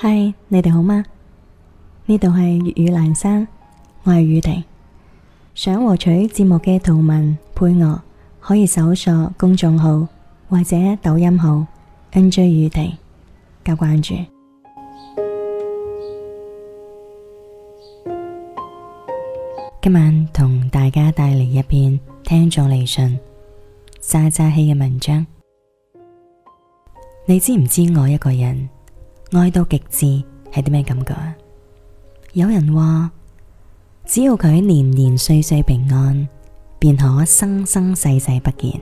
嗨，Hi，你哋好嗎？呢度係粵語蘭山，我係宇婷。想獲取節目嘅圖文配樂，可以搜索公眾號或者抖音號 NJ 宇婷加關注。今晚同大家帶嚟一篇聽眾嚟信渣渣希嘅文章。你知唔知我一個人？愛到極致係啲咩感覺？有人話，只要佢年年歲歲平安，便可生生世世不見。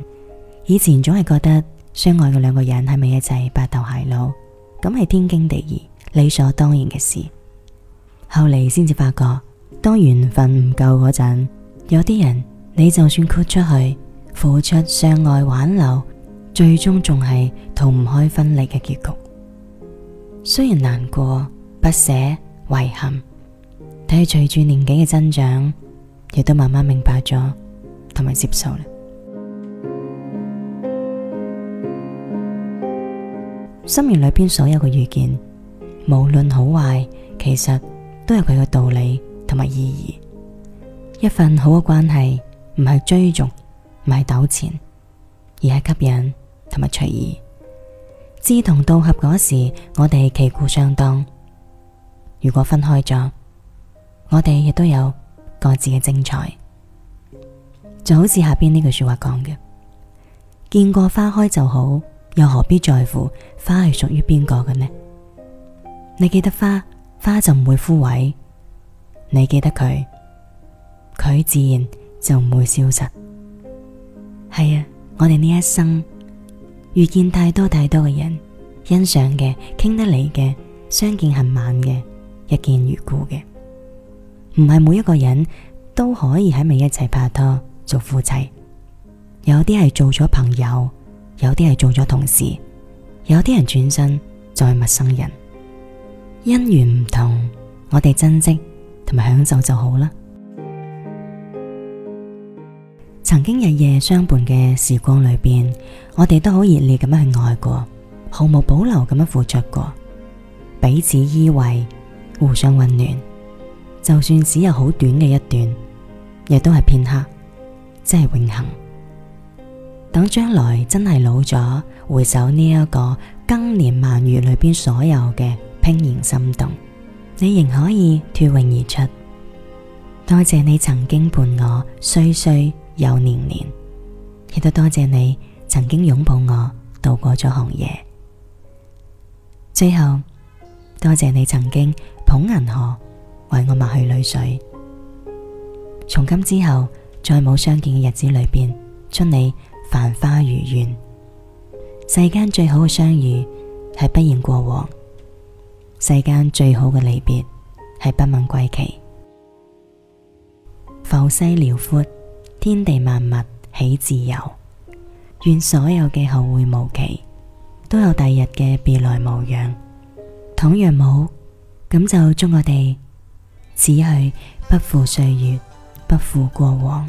以前總係覺得相愛嘅兩個人係咪一齊白頭偕老，咁係天經地義、理所當然嘅事。後嚟先至發覺，當緣分唔夠嗰陣，有啲人你就算豁出去付出相愛挽留，最終仲係逃唔開分離嘅結局。雖然難過、不捨、遺憾，但係隨住年紀嘅增長，亦都慢慢明白咗，同埋接受啦。 生命裏邊所有嘅遇見，無論好壞，其實都有佢嘅道理同埋意義。一份好嘅關係，唔係追逐，唔係糾纏，而係吸引同埋隨意。志同道合嗰時，我哋旗鼓相當；如果分開咗，我哋亦都有各自嘅精彩。就好似下邊呢句說話講嘅：見過花開就好，又何必在乎花係屬於邊個嘅呢？你記得花，花就唔會枯萎；你記得佢，佢自然就唔會消失。係啊，我哋呢一生。遇見太多太多嘅人，欣賞嘅，傾得嚟嘅，相見恨晚嘅，一見如故嘅，唔係每一個人都可以喺埋一齊拍拖做夫妻。有啲係做咗朋友，有啲係做咗同事，有啲人轉身再陌生人。因緣唔同，我哋珍惜同埋享受就好啦。曾經日夜相伴嘅時光裏邊，我哋都好熱烈咁樣去愛過，毫無保留咁樣付出過，彼此依偎，互相溫暖。就算只有好短嘅一段，亦都係片刻，真係永恆。等將來真係老咗，回首呢一個亘年漫月裏邊所有嘅怦然心動，你仍可以脫穎而出。多謝，謝你曾經伴我歲歲。又年年，亦都多謝你曾經擁抱我，度過咗寒夜。最後多謝你曾經捧銀河為我抹去淚水。從今之後，再冇相見嘅日子裏邊，祝你繁花如願。世間最好嘅相遇係不言過往，世間最好嘅離別係不問歸期。浮世遼闊。天地萬物喜自由，願所有嘅後會無期，都有第日嘅別來無恙。倘若冇，咁就祝我哋此去不負歲月，不負過往。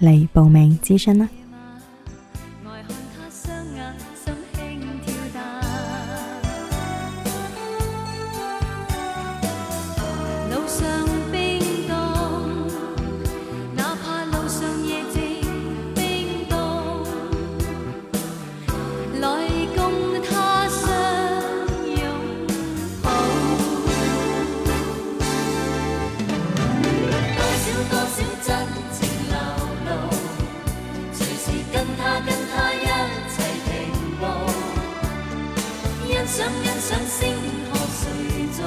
嚟報名諮詢啦！欣賞欣賞星河誰造？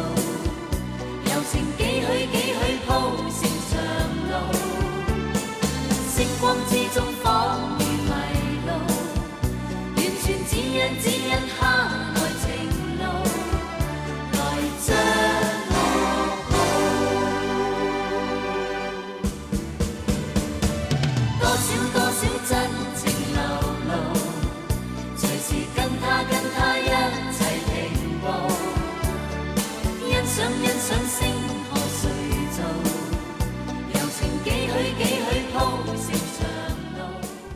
柔情幾許幾許鋪成長路。星光之中彷如迷路，完全只因只因黑暗情路。來將我 多少多少真情流露，隨時跟他跟他。